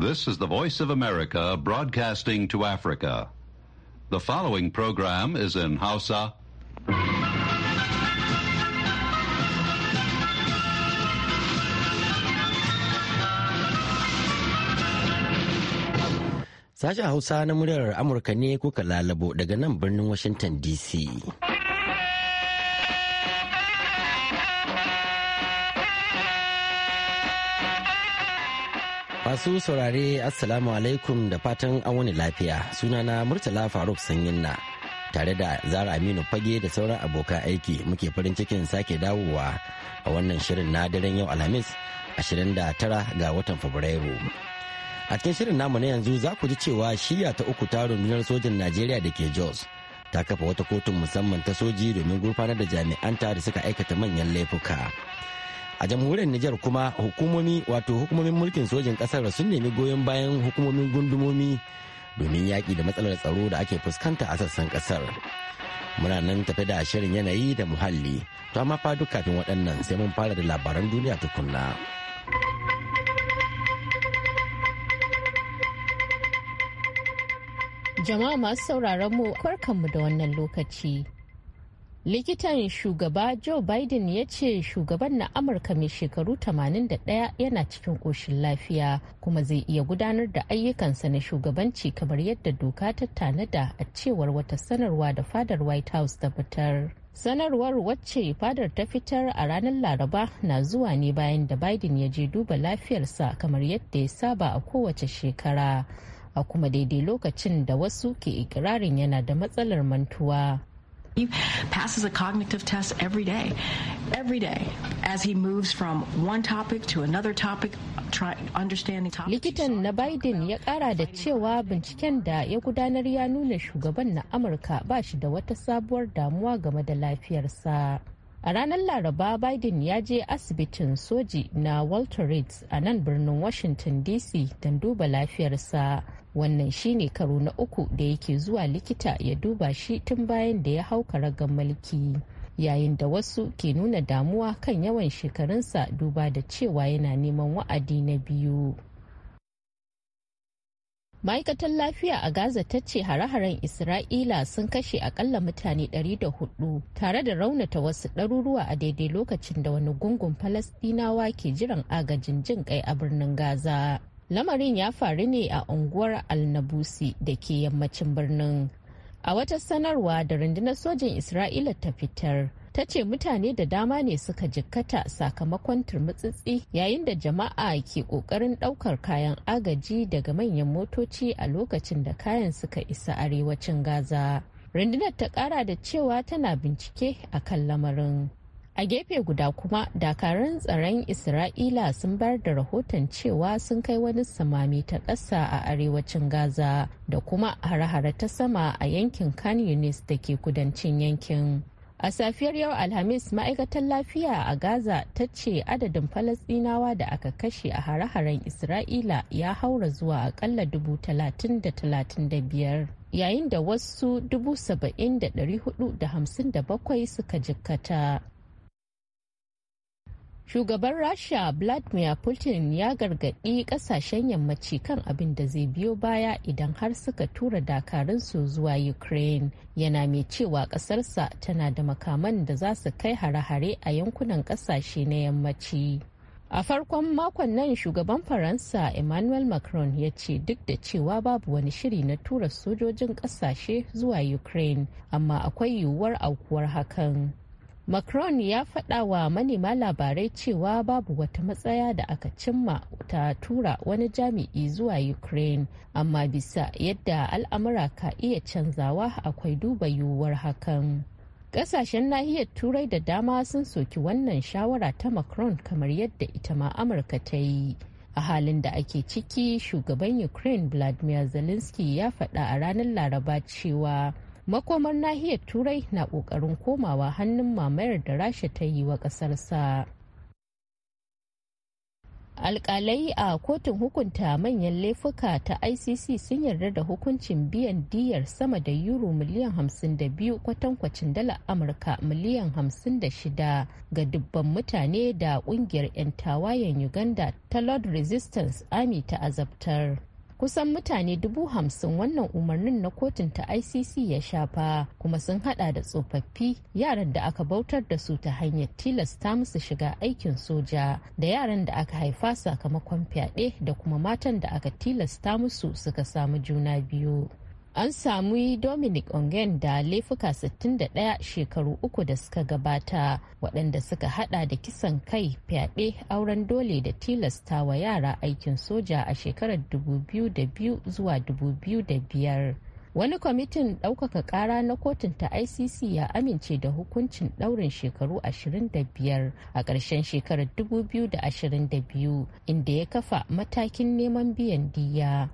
This is the Voice of America broadcasting to Africa. The following program is in Hausa. Sashen Hausa na muryar Amurka ne kuka lalabo daga nan birnin Washington DC. Masu saurare Assalamu alaikum da fatan an wani lafiya sunana Murtala Faruk Sanyinna tare da Zara Aminu Fage da sauran abokan aiki muke farin cikin sake dawowa a wannan shirin na daren yau Alhamis 29 ga watan Fabrairu. A cikin shirin namu na yanzu za ku ji cewa shiya ta uku ta rundunar sojin Najeriya da ke Jos ta kafa wata kotun musamman ta soji domin gurfanar da jami'anta da suka aikata manyan laifuka. a jamhuriyar Nijar kuma hukumomi wato hukumomin mulkin sojin kasar sun nemi goyon bayan hukumomin gundumomi domin yaƙi da matsalar tsaro da ake fuskanta a sassan kasar muna nan tafi da shirin yanayi da muhalli to amma fa duk kafin waɗannan sai mun fara da labaran duniya tukunna jama'a masu sauraron mu mu da wannan lokaci likitan shugaba joe biden ya ce shugaban na amurka mai shekaru 81 yana cikin koshin lafiya kuma zai iya gudanar da ayyukansa na shugabanci kamar yadda doka ta tanada a cewar wata sanarwa da fadar white house ta fitar sanarwar wacce fadar ta fitar a ranar laraba na zuwa ne bayan da biden ya je duba lafiyarsa kamar yadda ya saba a kowace shekara a kuma daidai lokacin da wasu ke ikirarin yana da matsalar mantuwa He passes a cognitive test every day, every day, as he moves from one topic to another topic, try, understanding topics. Likitan na Biden ya kara da cewa binciken da ya gudanar ya nuna shugaban na Amurka ba shi da wata sabuwar damuwa game da lafiyarsa. A ranar Laraba Biden ya je asibitin soji na Walter Reed a nan birnin Washington DC don duba lafiyarsa. Wannan shine karo na uku da yake zuwa likita ya duba shi tun bayan da ya hau karagar mulki. Yayin da wasu ke nuna damuwa kan yawan shekarunsa duba da cewa yana neman wa'adi na biyu. ma'aikatar lafiya a gaza ta ce hare-haren isra'ila sun kashe akalla mutane 104 tare da raunata wasu ɗaruruwa a daidai lokacin da wani gungun falastinawa ke jiran agajin jin kai a birnin gaza lamarin ya faru ne a unguwar alnabusi da ke yammacin birnin a wata sanarwa da rundunar sojin isra'ila ta fitar ta ce mutane da dama ne suka jikkata sakamakon turmutsitsi yayin da jama'a ke kokarin daukar kayan agaji daga manyan motoci a lokacin da kayan suka isa arewacin gaza rundunar ta kara da cewa tana bincike a kan lamarin a gefe guda kuma dakarun tsaron isra'ila sun bar da rahoton cewa sun kai wani samami ta ƙasa a arewacin gaza da kuma hare-hare ta sama a yankin kan yunis da ke kudancin yankin A safiyar yau Alhamis ma'aikatar lafiya a Gaza ta ce adadin Falasɗinawa da aka kashe a hare-haren Isra'ila ya haura zuwa akalla dubu talatin da talatin da biyar. Yayin da wasu dubu saba'in da ɗari hudu da hamsin da bakwai suka jikkata. shugaban rasha vladimir putin ya gargaɗi ƙasashen yammaci kan abin da zai biyo baya idan har suka tura dakarunsu zuwa ukraine yana mai cewa ƙasarsa tana da makaman da za su kai hare-hare a yankunan ƙasashe na yammaci A farkon makon nan shugaban Faransa Emmanuel Macron ya ce duk da cewa babu wani shiri na tura sojojin kasashe zuwa Ukraine, amma akwai yiwuwar aukuwar hakan. macron ya faɗa wa manema labarai cewa babu wata matsaya da aka cimma ta tura wani jami'i zuwa ukraine amma bisa yadda al'amura ka iya canzawa akwai duba yiwuwar hakan Ƙasashen nahiyar Turai da dama sun soki wannan shawara ta Macron kamar yadda ita ma Amurka ta yi. A halin da ake ciki, shugaban Ukraine Vladimir Zelensky ya faɗa a ranar Laraba cewa makomar nahiyar turai na kokarin komawa hannun mamayar da rasha ta yi wa ƙasarsa alƙalai a kotun hukunta manyan laifuka ta icc sun yarda da hukuncin biyan diyar sama da euro miliyan 52 kwatankwacin dala amurka miliyan 56 ga dubban mutane da kungiyar 'yan tawayen uganda ta lord resistance army ta azabtar kusan mutane dubu hamsin wannan umarnin na kotun ta icc ya shafa kuma sun hada da tsofaffi yaran da aka bautar da su ta hanyar tilasta musu shiga aikin soja da yaran da aka haifa sakamakon fyaɗe da kuma matan da aka tilasta musu suka samu juna biyu an samu dominic ongen da laifuka 61 shekaru uku da suka gabata waɗanda suka hada da kisan kai fyaɗe auren dole da tilasta wa yara aikin soja a shekarar 2002 zuwa 2005 wani kwamitin ɗaukaka ƙara na kotun ta icc ya amince da hukuncin ɗaurin shekaru 25 a ƙarshen shekarar 2022 inda ya kafa matakin neman biyan diya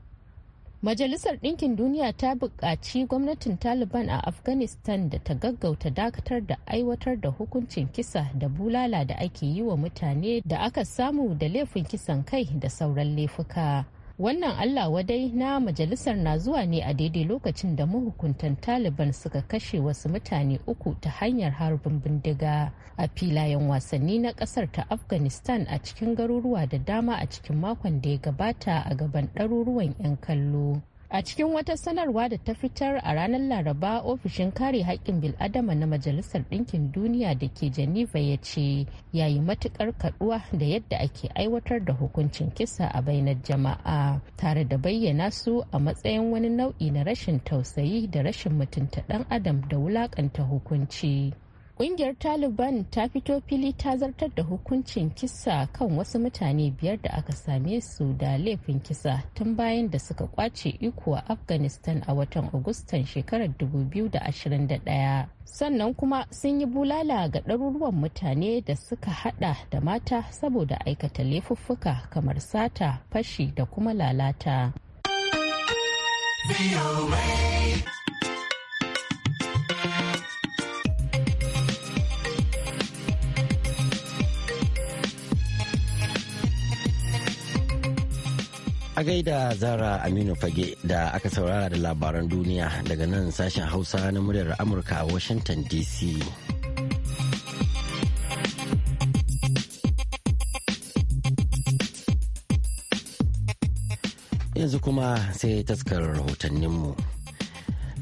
Majalisar Ɗinkin Duniya ta buƙaci gwamnatin Taliban a Afghanistan da ta gaggauta dakatar da aiwatar da hukuncin kisa da bulala da ake yi wa mutane da aka samu da laifin kisan kai da sauran laifuka. wannan allah wadai na majalisar na zuwa ne a daidai lokacin da mahukuntan taliban suka kashe wasu mutane uku ta hanyar harbin bindiga a filayen wasanni na kasar ta afghanistan a cikin garuruwa da dama a cikin makon da ya gabata a gaban ɗaruruwan 'yan kallo A cikin wata sanarwa da ta fitar a ranar Laraba ofishin kare haƙƙin bil'adama na Majalisar Ɗinkin Duniya da ke Geneva ya ce yayi matuƙar kaɗuwa da yadda ake aiwatar da hukuncin kisa a bainar jama'a tare da bayyana su a matsayin wani nau'i na rashin tausayi da rashin mutunta ɗan adam da wulaƙanta hukunci. kungiyar Taliban ta fito fili ta zartar da hukuncin kisa kan wasu mutane biyar da aka same su da laifin kisa tun bayan da suka kwace iko a Afghanistan a watan Agustan shekarar 2021. Sannan kuma sun yi bulala ga ɗaruruwan mutane da suka hada da mata saboda aikata laifuffuka kamar sata, fashi da kuma lalata. A gaida Zara Aminu Fage da aka saurara da labaran duniya daga nan sashen Hausa na muryar Amurka a Washington DC. Yanzu kuma sai taskar rahotanninmu. mu.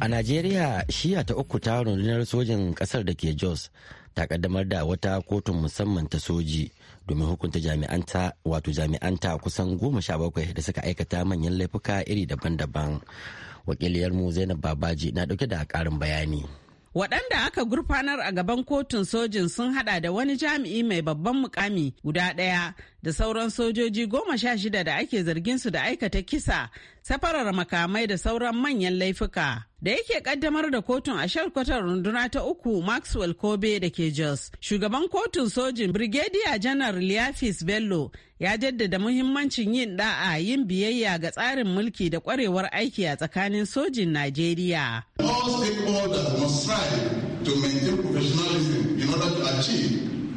A Najeriya shiya ta uku ta rundunar sojin kasar da ke Jos ta kaddamar da wata kotun musamman ta soji domin hukunta jami'anta wato jami'anta kusan goma sha bakwai da suka aikata manyan laifuka iri daban-daban. Wakiliyarmu Zainab Babaji na dauke da karin bayani. waɗanda aka gurfanar a gaban kotun sojin sun hada da wani jami'i mai babban mukami guda ɗaya da sauran sojoji goma sha shida da ake zargin su da aikata kisa safarar makamai da sauran manyan laifuka da yake kaddamar da kotun a shalkwatar runduna ta uku maxwell kobe da ke jos shugaban kotun sojin brigadier janar liafis bello ya jaddada muhimmancin yin da'a yin biyayya ga tsarin mulki da kwarewar aiki a tsakanin sojin najeriya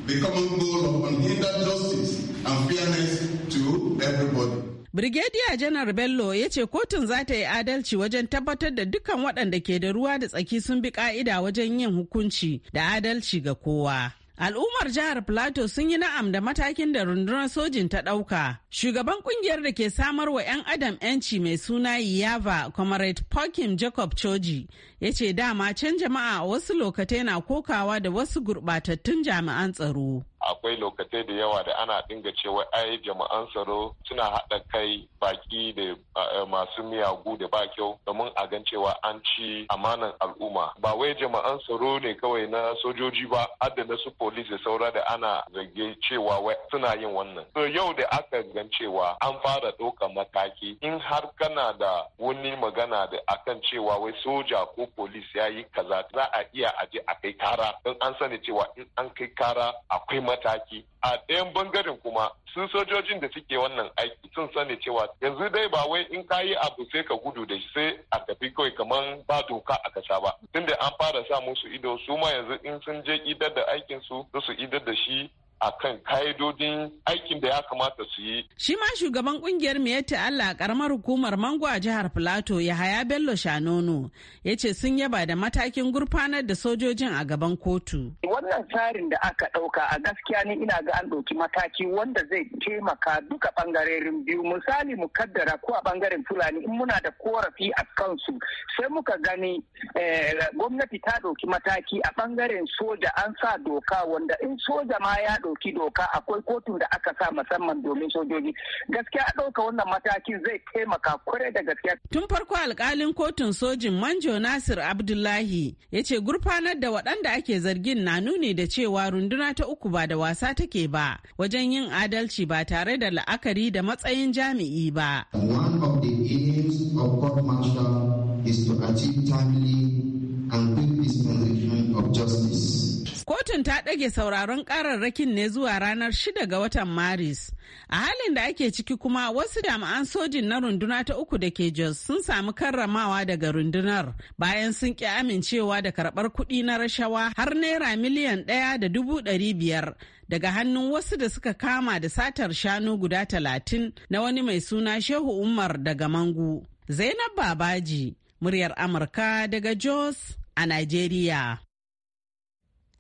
The common goal of unhindered justice and fairness to everybody. Brigadier Janar Bello ya ce kotun za ta yi adalci wajen tabbatar da dukkan waɗanda ke da ruwa da tsaki sun bi ƙa'ida wajen yin hukunci da adalci ga kowa. Al'ummar jihar Plateau sun yi na'am da matakin da rundunar sojin ta ɗauka. Shugaban kungiyar da ke samar wa 'yan adam 'yanci mai suna Yava, Comrade Pokim Jacob Choji, ya ce dama can jama'a wasu lokatai na kokawa da wasu gurɓatattun jami'an tsaro. akwai lokacin da yawa da ana dinga cewa ai jama'an tsaro suna haɗa kai baki da eh, masu miyagu da ba kyau domin a gan cewa an ci amanan al'umma ba wai jama'an tsaro ne kawai na sojoji ba hadda na su police da saura da ana zage cewa suna yin wannan to yau da aka gan cewa an fara ɗauka mataki in har kana da wani magana da akan cewa wai soja ko police ya yi kaza za a iya aje a kai kara don an sani cewa in an kai kara akwai mataki a ɗayan bangaren kuma sun sojojin da suke wannan aiki sun sani cewa yanzu dai ba wai in kayi abu sai ka gudu da shi sai a tafi kawai kamar ba doka a kasa ba tunda an fara sa musu ido su ma yanzu in sun je idar da aikin su su idar da shi a kan ka'idodin aikin da ya kamata su yi. Shi ma shugaban kungiyar Miyatta Allah karamar hukumar Mango a jihar Filato Yahaya Bello Shanono ya ce sun yaba da matakin gurfanar da sojojin a gaban kotu. Wannan tsarin da aka ɗauka a gaskiya ne ina ga an ɗauki mataki wanda zai taimaka duka ɓangarerin biyu misali mu kaddara ko a ɓangaren Fulani in muna da korafi a kansu sai muka gani eh, gwamnati ta ɗauki mataki a ɓangaren soja an sa doka wanda in soja ma ya ɗauki doka akwai kotun da aka sa musamman domin sojoji gaskiya ɗauka wannan matakin zai taimaka kwarai da gaskiya. tun farko alkalin kotun sojin manjo nasir abdullahi ya ce gurfanar da waɗanda ake zargin na nuni da cewa runduna ta uku ba da wasa take ba wajen yin adalci ba tare da la'akari da matsayin jami'i ba. One of the aims of court martial is to achieve timely and quick dispensation of justice. Kotun ta ɗage sauraron ƙararrakin ne zuwa ranar 6 ga watan Maris. A halin da ake ciki kuma wasu jami'an sojin na runduna ta uku da ke Jos sun samu karramawa daga rundunar bayan sun ƙi amincewa da karɓar kuɗi na rashawa har naira miliyan ɗaya da dubu ɗari biyar daga hannun wasu da suka kama da satar shanu guda talatin na wani mai suna Shehu Umar daga Mangu. Zainab Babaji, muryar Amurka daga Jos a Najeriya.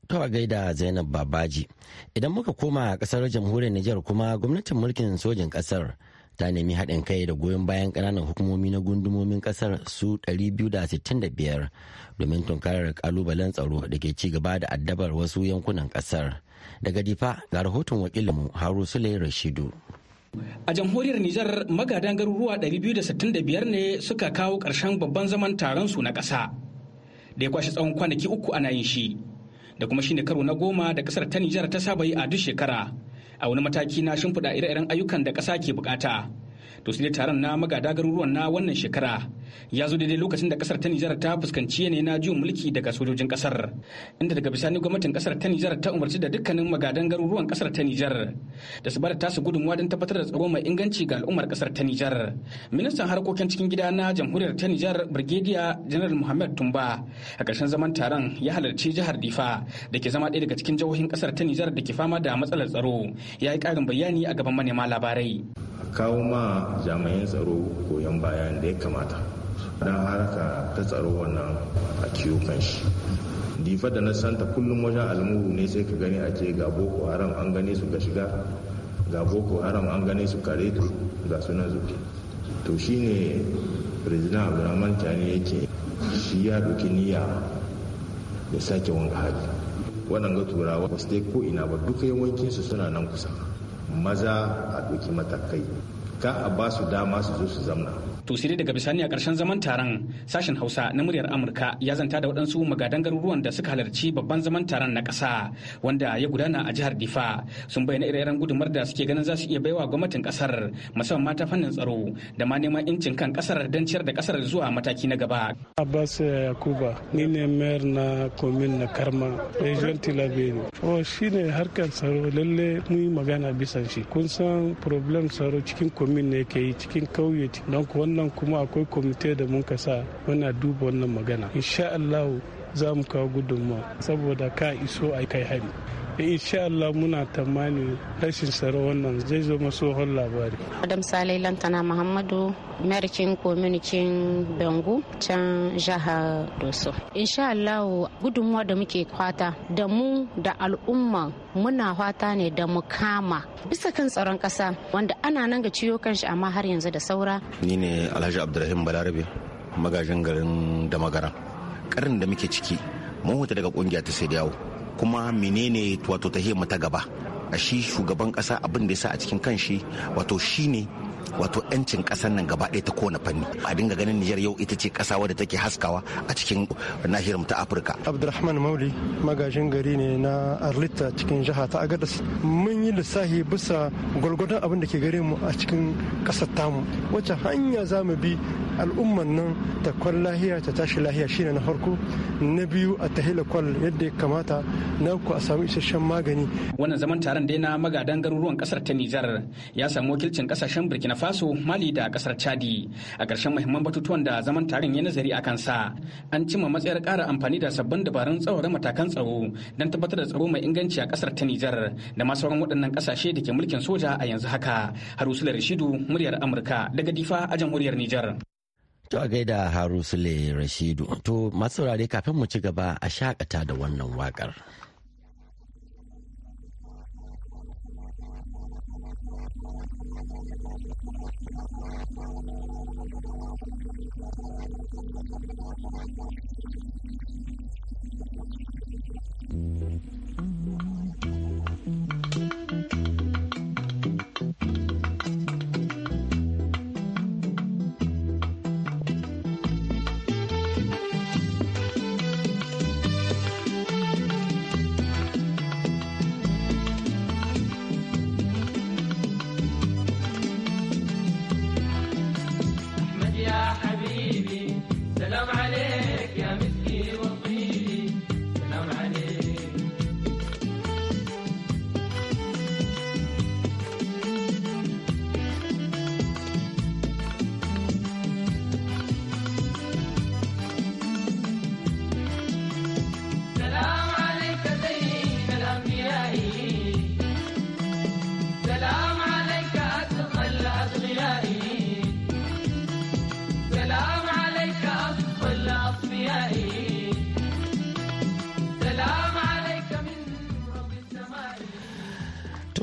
To gaida Zainab Babaji. Idan muka koma a kasar jamhuriyar Nijar kuma gwamnatin mulkin sojin kasar ta nemi haɗin kai da goyon bayan ƙananan hukumomi na gundumomin kasar su 265 domin tunkarar kalubalen tsaro da ke ci gaba da addabar wasu yankunan kasar. Daga difa ga rahoton wakilinmu Haru Sule Rashidu. A jamhuriyar Nijar magadan garuruwa 265 ne suka kawo ƙarshen babban zaman taron su na ƙasa. Da ya kwashe tsawon kwanaki uku ana yin shi. da kuma shine karo na goma da kasar ta Nijar ta saba yi a duk shekara a wani mataki na shimfiɗa ire-iren ayyukan da ƙasa ke bukata. to sai taron na magada garuruwan na wannan shekara ya zo daidai lokacin da kasar ta Nijar ta fuskanci yanayi na juyin mulki daga sojojin kasar inda daga bisani gwamnatin kasar ta Nijar ta umarci da dukkanin magadan garuruwan kasar ta Nijar da su bada tasu gudunmuwa don tabbatar da tsaro mai inganci ga al'ummar kasar ta Nijar ministan harkokin cikin gida na jamhuriyar ta Nijar Brigadier General Muhammad Tumba a ƙarshen zaman taron ya halarci jihar Difa da ke zama ɗaya daga cikin jihohin kasar ta Nijar da ke fama da matsalar tsaro ya yi ƙarin bayani a gaban manema labarai kawo ma jami'an tsaro goyon bayan da ya kamata don haraka ta tsaro wannan a kiwo kan shi difa da na santa kullum wajen almuru ne sai ka gani a ce ga boko haram an gane su ga shiga ga boko haram an gane su kare tu ga suna zuke to shine president abdulrahman tani yake shi ya doki niyya ya sake wani hali waɗanga turawa ba su ko ina ba duka yawancinsu suna nan kusa maza a doki matakai ka a ba su dama su zo su zamna to sai dai daga bisani a ƙarshen zaman taron sashen hausa na muryar amurka ya zanta da waɗansu magadan garuruwan da suka halarci babban zaman taron na ƙasa wanda ya gudana a jihar difa sun bayyana ire-iren gudumar da suke ganin za su iya baiwa gwamnatin kasar musamman mata fannin tsaro da ma neman incin kan ƙasar don ciyar da ƙasar zuwa mataki na gaba. abbas eh, yakuba ni ne mayor na komin na karma region tilabeni o oh, shine harkar tsaro lalle mun yi magana bisan shi kun san problem tsaro cikin komin ne ke yi cikin kauye don wannan nan kuma akwai kwamite da mun kasa muna duba wannan magana insha allahu za mu kawo gudunmawa saboda ka iso a kai hari insha Allah muna tamani rashin tsaro wannan zai zo tsohon labari. Adam Salai Lantana Muhammadu Merkin Kominikin Bengu can jihar Doso. Insha Allah da muke kwata da mu da al'umma muna fata ne da mu kama bisa kan tsaron kasa wanda ana nan ga ciyo kanshi amma har yanzu da saura. Ni ne Alhaji Abdulrahim Balarabe magajin garin Damagara. karin da muke ciki mun huta daga kungiya ta sai dawo kuma menene wato ta ta gaba a shi shugaban kasa abin da ya sa a cikin kan shi wato shine wato 'yancin kasar nan gaba ɗaya ta kowane fanni a dinga ganin nijar yau ita ce kasa wadda take haskawa a cikin nahiyar ta afirka abdulrahman mauli magajin gari ne na arlita cikin jiha ta agadas mun yi lissafi bisa gwalgwadon abin da ke gare mu a cikin kasar tamu wacce hanya za mu bi al'ummar nan ta kwal lahiya ta tashi lahiya shine na farko na biyu a tahila kwal yadda ya kamata na ku a samu isasshen magani wannan zaman taron dai na magadan garuruwan kasar ta Nijar ya samu wakilcin kasashen Burkina Faso Mali da kasar Chadi a ƙarshen muhimman batutuwan da zaman taron ya nazari a kansa an cimma matsayar ƙara amfani da sabbin dabarun tsawara matakan tsaro don tabbatar da tsaro mai inganci a kasar ta Nijar da ma sauran waɗannan ƙasashe da ke mulkin soja a yanzu haka da Rashidu muryar Amurka daga Difa a jamhuriyar Nijar To a gaida Haru Sule Rashidu. To masu saurare kafin mu ci gaba a shakata da wannan wakar. Thank mm-hmm. you.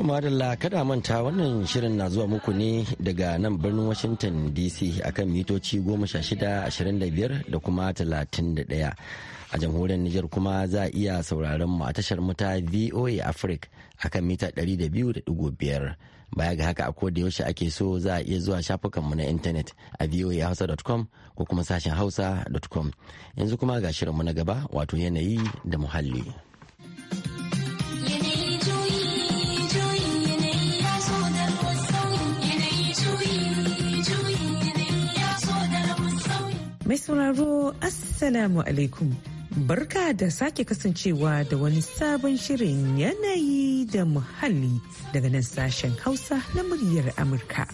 madalla kada manta wannan shirin na zuwa muku ne daga nan birnin washington dc akan mitoci 1625 da kuma 31 a jamhuriyar niger kuma za a iya sauraron mu a tashar muta voa africa akan mita 200.5 baya ga haka a koda yaushe ake so za a iya zuwa mu na intanet a voahausa.com ko kuma sashen hausa.com yanzu kuma ga shirin mu na gaba wato yanayi da muhalli. Mai sauraro Assalamu alaikum. Barka da sake kasancewa da wani sabon shirin yanayi da muhalli daga nan sashen Hausa na muryar Amurka.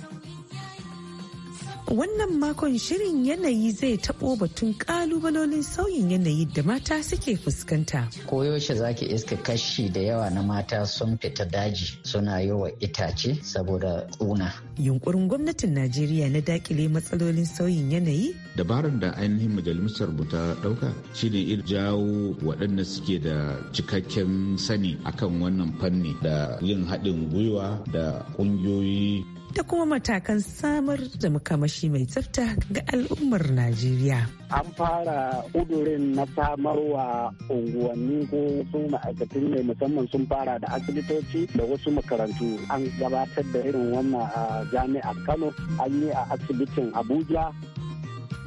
Wannan makon shirin yanayi zai taɓo batun ƙalubalolin sauyin yanayi da mata suke fuskanta. Koyaushe zaki iska kashi da yawa na mata sun fita daji suna yi wa itace saboda ƙuna. Yunkurin gwamnatin Najeriya na dakile matsalolin sauyin yanayi? Dabarar da ainihin majalisar mu ta ɗauka iri jawo waɗanda suke da cikakken sani akan wannan fanni da yin haɗin gwiwa da ƙungiyoyi da kuma matakan samar da makamashi mai tsafta ga al'ummar Najeriya. An fara ƙudurin na samarwa unguwanni ko wasu ma'aikatan ne musamman sun fara da asibitoci da wasu makarantu. An gabatar da irin wannan a jami'ar Kano, an yi a asibitin Abuja.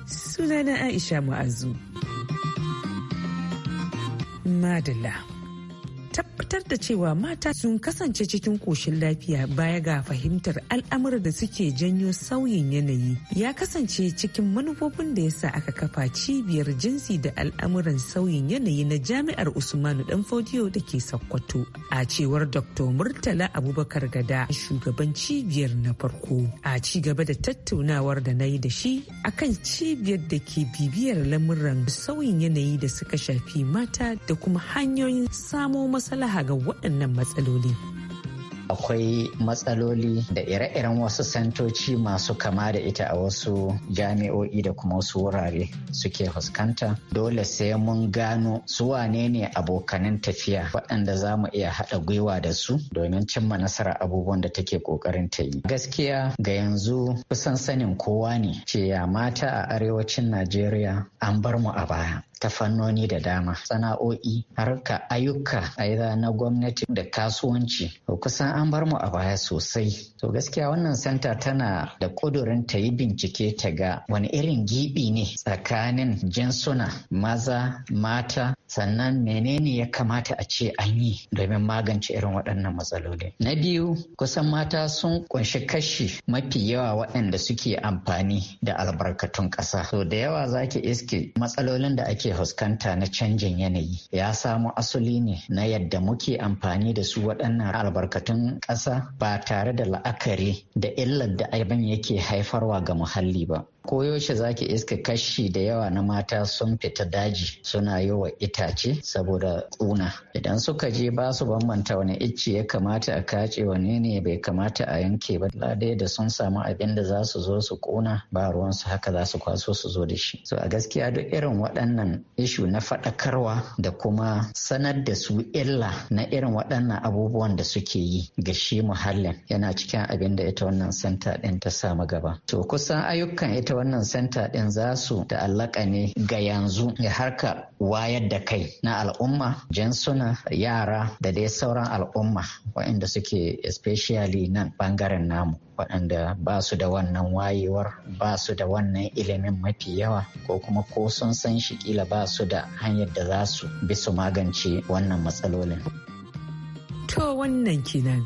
Sunana Aisha mu'azu Madalla. tabbatar da cewa mata sun kasance cikin koshin lafiya baya ga fahimtar al'amura da suke janyo sauyin yanayi ya kasance cikin manufofin da yasa aka kafa cibiyar jinsi da al'amuran sauyin yanayi na jami'ar usmanu dan fodiyo da ke sokoto a cewar dr murtala abubakar gada shugaban cibiyar na farko a ci gaba da tattaunawar da na yi da shi akan cibiyar da ke bibiyar lamuran sauyin yanayi da suka shafi mata da kuma hanyoyin samo maslaha ga waɗannan matsaloli. akwai matsaloli da ire-iren wasu santoci masu kama da ita a wasu jami'o'i da kuma wasu wurare suke fuskanta dole sai mun gano su wanene ne abokanan tafiya waɗanda za mu iya haɗa gwiwa da su domin cimma nasara abubuwan da take ƙoƙarin ta yi gaskiya ga yanzu kusan sanin kowa ne ce ya mata a arewacin najeriya an bar mu a baya ta fannoni da dama sana'o'i harka ayyuka aida na gwamnati da kasuwanci kusan an bar mu a baya sosai to gaskiya wannan santa tana da kudurin ta yi bincike ta ga wani irin gibi ne tsakanin jinsuna maza mata sannan menene ya kamata a ce an yi domin magance irin waɗannan matsaloli na biyu kusan mata sun kunshi kashi mafi yawa waɗanda suke amfani da albarkatun ƙasa so da yawa zaki iske matsalolin da ake fuskanta na canjin yanayi ya samo asali ne na yadda muke amfani da su waɗannan albarkatun ƙasa ba tare da la'akari da illar da abin yake haifarwa ga muhalli ba Koyaushe za ki iska kashi da yawa na mata sun fita daji suna yi wa itace saboda kuna Idan suka je ba su bambanta wani icce ya kamata a kace wani ne bai kamata a yanke ba. Ladai da sun samu abin da za su zo su ƙona ba ruwansu haka za su kwaso su zo da shi. So a gaskiya duk irin waɗannan ishu na faɗakarwa da kuma sanar da su illa na irin waɗannan abubuwan da suke yi ga shi muhallin yana cikin abin da ita wannan santa ɗin ta samu gaba. To kusan ayyukan ita ta wannan senta ɗin za su ta'allaka ne ga yanzu ga harka wayar da kai na al'umma jansuna yara da dai sauran al'umma waɗanda suke especially nan bangaren namu waɗanda ba su da wannan wayewar ba su da wannan ilimin mafi yawa ko kuma ko sun san shi kila ba su da hanyar da za su bi su magance wannan matsalolin. To wannan kenan.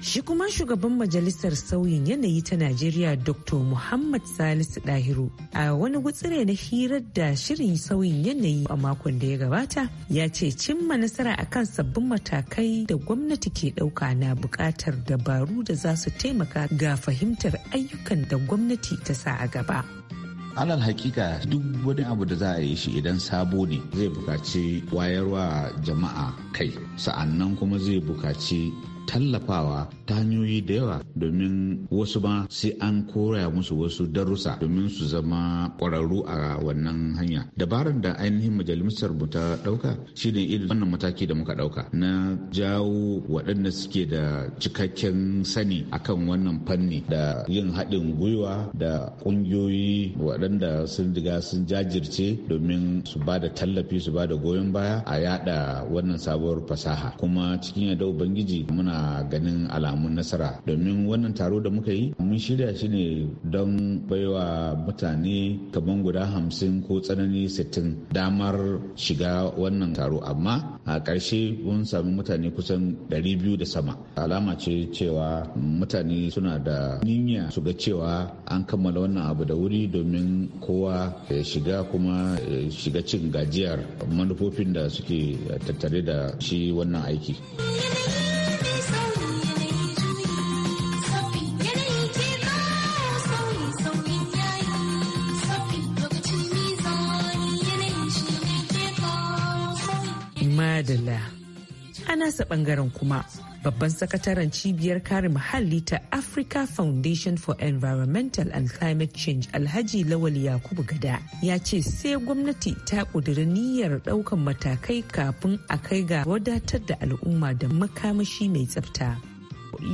Shi kuma shugaban majalisar sauyin yanayi ta Najeriya Dr. Muhammad Salisu Dahiru a wani gutsire na hirar da shirin sauyin yanayi a makon da ya gabata ya ce cimma nasara akan sabbin matakai da gwamnati ke ɗauka na buƙatar dabaru da za su taimaka ga fahimtar ayyukan da gwamnati ta sa a gaba. alal hakika duk wani abu da za a yi shi idan sabo ne zai bukaci wayarwa jama'a kai sa'annan kuma zai bukaci tallafawa ta hanyoyi da yawa domin wasu ma sai an koraya musu wasu darussa domin su zama ƙwararru a wannan hanya dabarar da ainihin majalisar mu ta ɗauka shine irin wannan mataki da muka ɗauka na jawo waɗanda suke da cikakken sani akan wannan fanni da yin haɗin gwiwa da ƙungiyoyi waɗanda sun riga sun jajirce domin su ba da tallafi su ba da goyon baya a yada wannan sabuwar fasaha kuma cikin yadda ubangiji muna muna ganin alamun nasara domin wannan taro da muka yi mun shirya shi ne don baiwa mutane kaman guda hamsin ko tsanani sittin damar shiga wannan taro amma a ƙarshe mun sami mutane kusan biyu da sama alama ce cewa mutane suna da niyya su ga cewa an kammala wannan abu da wuri domin kowa ya shiga kuma shiga cin gajiyar manufofin da suke tattare da shi wannan aiki. nasa bangaren kuma babban sakataren cibiyar kare muhalli ta Africa Foundation for Environmental and Climate Change Alhaji Lawal Yakubu Gada ya ce sai gwamnati ta ƙudiri niyyar ɗaukan matakai kafin a kai ga wadatar da al'umma da makamashi mai tsafta.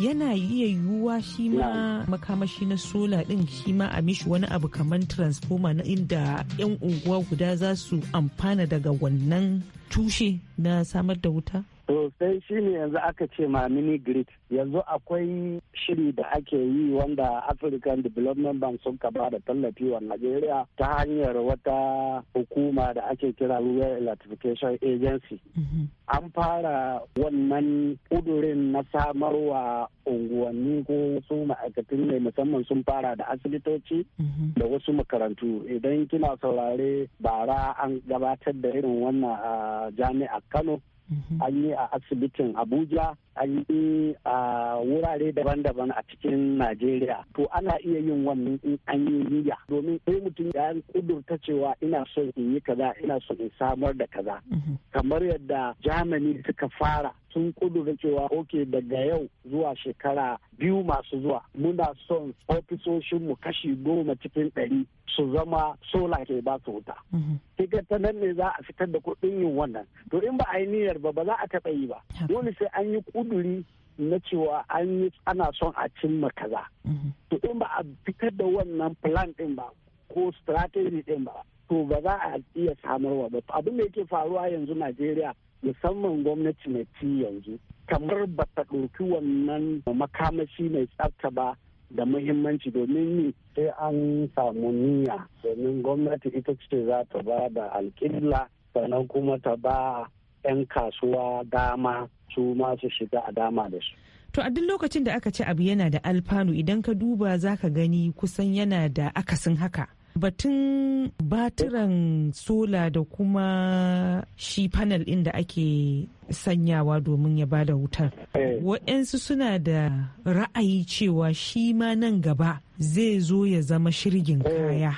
yana iya yiwuwa shi ma makamashi na sola din shi ma a mishi wani abu kamar transforma na inda 'yan unguwa guda za su amfana daga wannan tushe na samar da wuta? To sai shi ne yanzu aka ce ma mini grid yanzu akwai shiri da ake yi wanda African Development Bank sun ka ba da tallafi wa nigeria ta hanyar wata hukuma da ake kira Rural Electrification Agency. Mhm. An fara wannan kudurin na samarwa unguwanni ko wasu ma'aikatan ne musamman sun fara da asibitoci mhm. da wasu makarantu idan kina saurare bara an gabatar da irin wannan a jami'a Kano Mhm. an yi a asibitin abuja an yi a wurare daban-daban a cikin najeriya to ana iya yin wannan in an yi niyya domin sai mutum ya kudurta cewa ina son in yi kaza ina so in samar da kaza mhm. kamar yadda jamani suka fara sun kudura cewa oke daga yau zuwa shekara biyu masu zuwa muna son ofisoshinmu kashi goma cikin ɗari su zama sola ke ba su wuta. Mhm. Kika ta nan ne za a fitar da kuɗin yin wannan. To in ba a yi niyyar ba ba za a taɓa yi ba. Dole sai an yi kuduri na cewa an yi ana son a cimma kaza. Mhm. To in ba a fitar da wannan plan ɗin ba ko strategy ɗin ba to ba za a iya samarwa ba. Abin da yake faruwa yanzu Najeriya musamman gwamnati na ci yanzu kamar ba ta ɗauki wannan makamashi mai tsafta ba da muhimmanci domin ne sai an samu niyya domin gwamnati ita ce za ta ba da alƙilla sannan kuma ta ba 'yan kasuwa dama su masu shiga a dama da su. To a duk lokacin da aka ci abu yana da alfanu idan ka duba za ka gani kusan yana da akasin haka. batun batiran sola da kuma shi panel inda ake sanyawa domin ya bada wutar eh. waɗansu suna da ra'ayi cewa shi ma nan gaba zai zo ya zama shirgin eh. kaya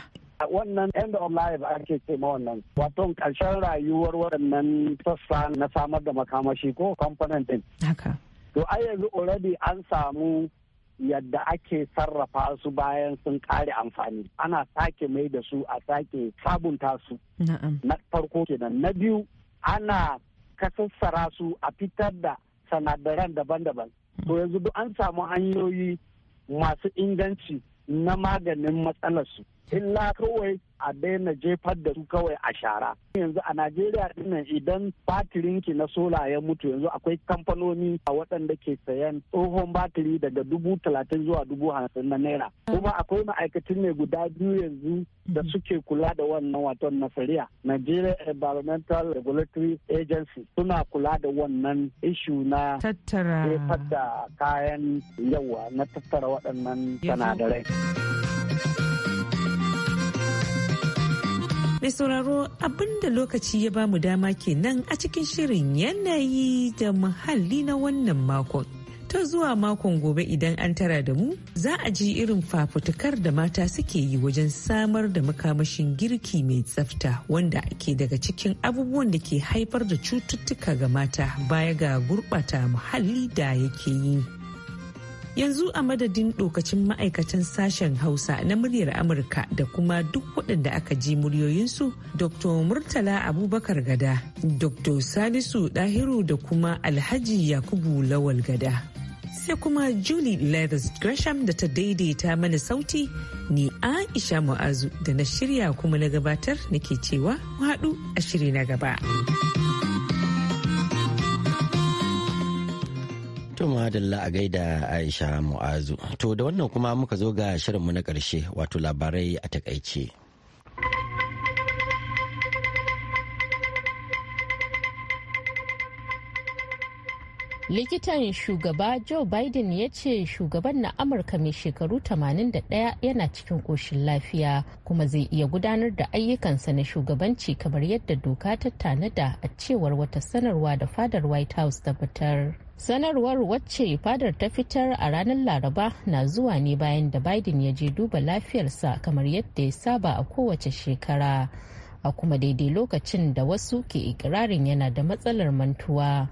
wannan end of life ake ce ma wannan wato ƙarshen rayuwar waɗannan sassa na samar da makamashi ko component din to a yanzu already an samu yadda ake sarrafa su bayan sun kare amfani ana sake mai da su a sake sabunta su na farko kenan na biyu ana kasassara su a fitar da sanadaran daban-daban to mm. yanzu duk an samu hanyoyi masu inganci na maganin matsalarsu illa kawai a daina jefar da su kawai a shara yanzu a najeriya dinnan idan batirinki na sola ya mutu yanzu akwai kamfanoni a waɗanda ke sayan tsohon batiri daga dubu talatin zuwa dubu hamsin na naira kuma akwai ma'aikatan ne guda biyu yanzu da mhm. suke kula da wannan waton na sariya nigeria environmental regulatory agency suna kula da wannan ishu na tattara kayan yawa na tattara waɗannan sanadarai. mai sauraro abinda lokaci ya bamu dama kenan a cikin shirin yanayi da muhalli na wannan makon. ta zuwa makon gobe idan an tara da mu za a ji irin fafutukar da mata suke yi wajen samar da makamashin girki mai tsafta wanda ke daga cikin abubuwan da ke haifar da cututtuka ga mata baya ga gurɓata muhalli da yake yi. yanzu a madadin dokacin ma'aikatan sashen hausa na muryar amurka da kuma duk waɗanda aka ji muryoyinsu dr murtala abubakar gada dr salisu dahiru da kuma alhaji yakubu lawal gada sai kuma julie leathers gresham da ta daidaita mana sauti ni aisha mu'azu da na shirya kuma na gabatar nake cewa mu haɗu a shiri na gaba. To madalla a gaida Aisha Mu'azu. To da wannan kuma muka zo ga shirinmu na ƙarshe wato labarai a takaice. likitan shugaba joe biden ya ce shugaban na amurka mai shekaru 81 yana cikin koshin lafiya kuma zai iya gudanar da ayyukansa na shugabanci kamar yadda doka ta tanada a cewar wata sanarwa da fadar white house ta fitar sanarwar wacce fadar ta fitar a ranar laraba na zuwa ne bayan da biden ya je duba lafiyarsa kamar yadda ya saba a kowace shekara a kuma daidai lokacin da wasu ke ikirarin yana da matsalar mantuwa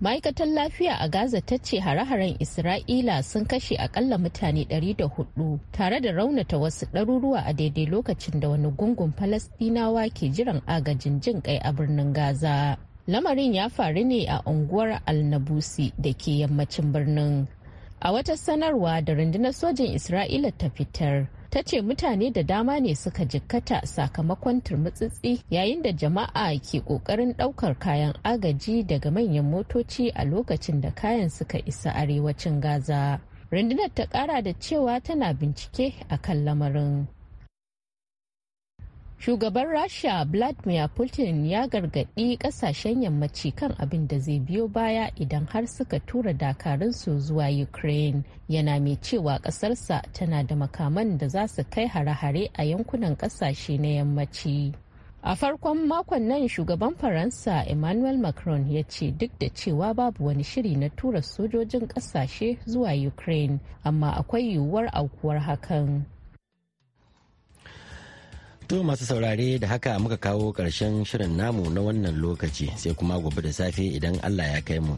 ma'aikatar lafiya a gaza ta ce hare-haren isra'ila sun kashe akalla mutane 400 tare da raunata wasu ɗaruruwa a daidai lokacin da wani gungun falastinawa ke jiran agajin jin kai a birnin gaza Lamarin ya faru ne a unguwar Alnabusi da ke yammacin birnin. A wata sanarwa da rundunar sojin Isra'ila ta fitar, ta ce mutane da dama ne suka jikkata sakamakon turmutsitsi yayin da jama'a ke kokarin daukar kayan agaji daga manyan motoci a lokacin da kayan suka isa arewacin gaza rundunar ta kara da cewa tana bincike a kan lamarin Shugaban Rasha Vladimir Putin ya gargaɗi ƙasashen yammaci kan abin da zai biyo baya idan har suka tura dakarunsu zuwa Ukraine. Yana mai cewa ƙasarsa tana da makaman da za su kai hare-hare a yankunan ƙasashe na yammaci. A farkon makon nan shugaban Faransa Emmanuel Macron ya ce duk da cewa babu wani shiri na tura sojojin ƙasashe zuwa Ukraine, amma akwai yiwuwar aukuwar hakan. To masu saurare da haka muka kawo ƙarshen shirin namu na wannan lokaci sai kuma gobe da safe idan Allah ya kai mu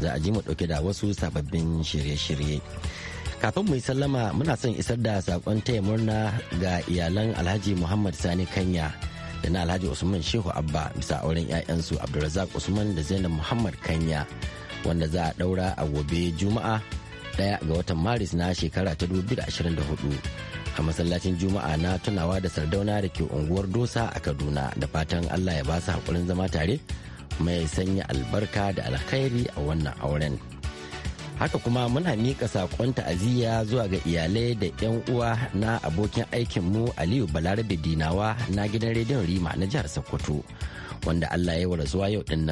za a ji mu ɗauke da wasu sababbin shirye-shirye. Kafin mu yi sallama muna son isar da saƙon taya murna ga iyalan Alhaji Muhammad Sani Kanya da na Alhaji Usman Shehu Abba bisa auren 'ya'yansu Abdulrazak Usman da Zainab Muhammad Kanya wanda za a ɗaura a gobe Juma'a ɗaya ga watan Maris na shekara ta 2024. a masallacin juma'a na tunawa da sardauna da ke unguwar dosa a kaduna da fatan allah ya ba su haƙurin zama tare mai sanya albarka da alkhairi a wannan auren haka kuma muna miƙa saƙon ta'aziyya zuwa ga iyalai da 'yan uwa na abokin aikinmu aliyu balarabe dinawa na gidan rediyon rima na jihar sokoto wanda allah ya yi wa rasuwa yau din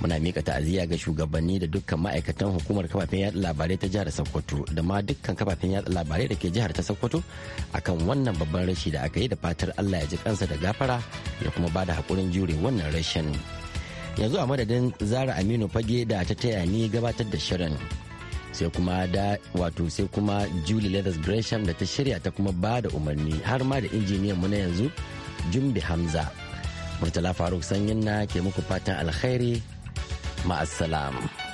muna mika ta'aziyya ga shugabanni da dukkan ma'aikatan hukumar kafafen yada labarai ta jihar sokoto da ma dukkan kafafen yada labarai da ke jihar ta sokoto akan wannan babban rashi da aka yi da fatar allah ya ji kansa da gafara ya kuma bada hakurin jure wannan rashin yanzu a madadin zara aminu fage da ta taya ni gabatar da shirin sai kuma da wato sai kuma julie leathers gresham da ta shirya ta kuma ba da umarni har ma da injiniyan mu na yanzu jumbe hamza murtala faruk sanyin na ke muku fatan alkhairi ma'assalam.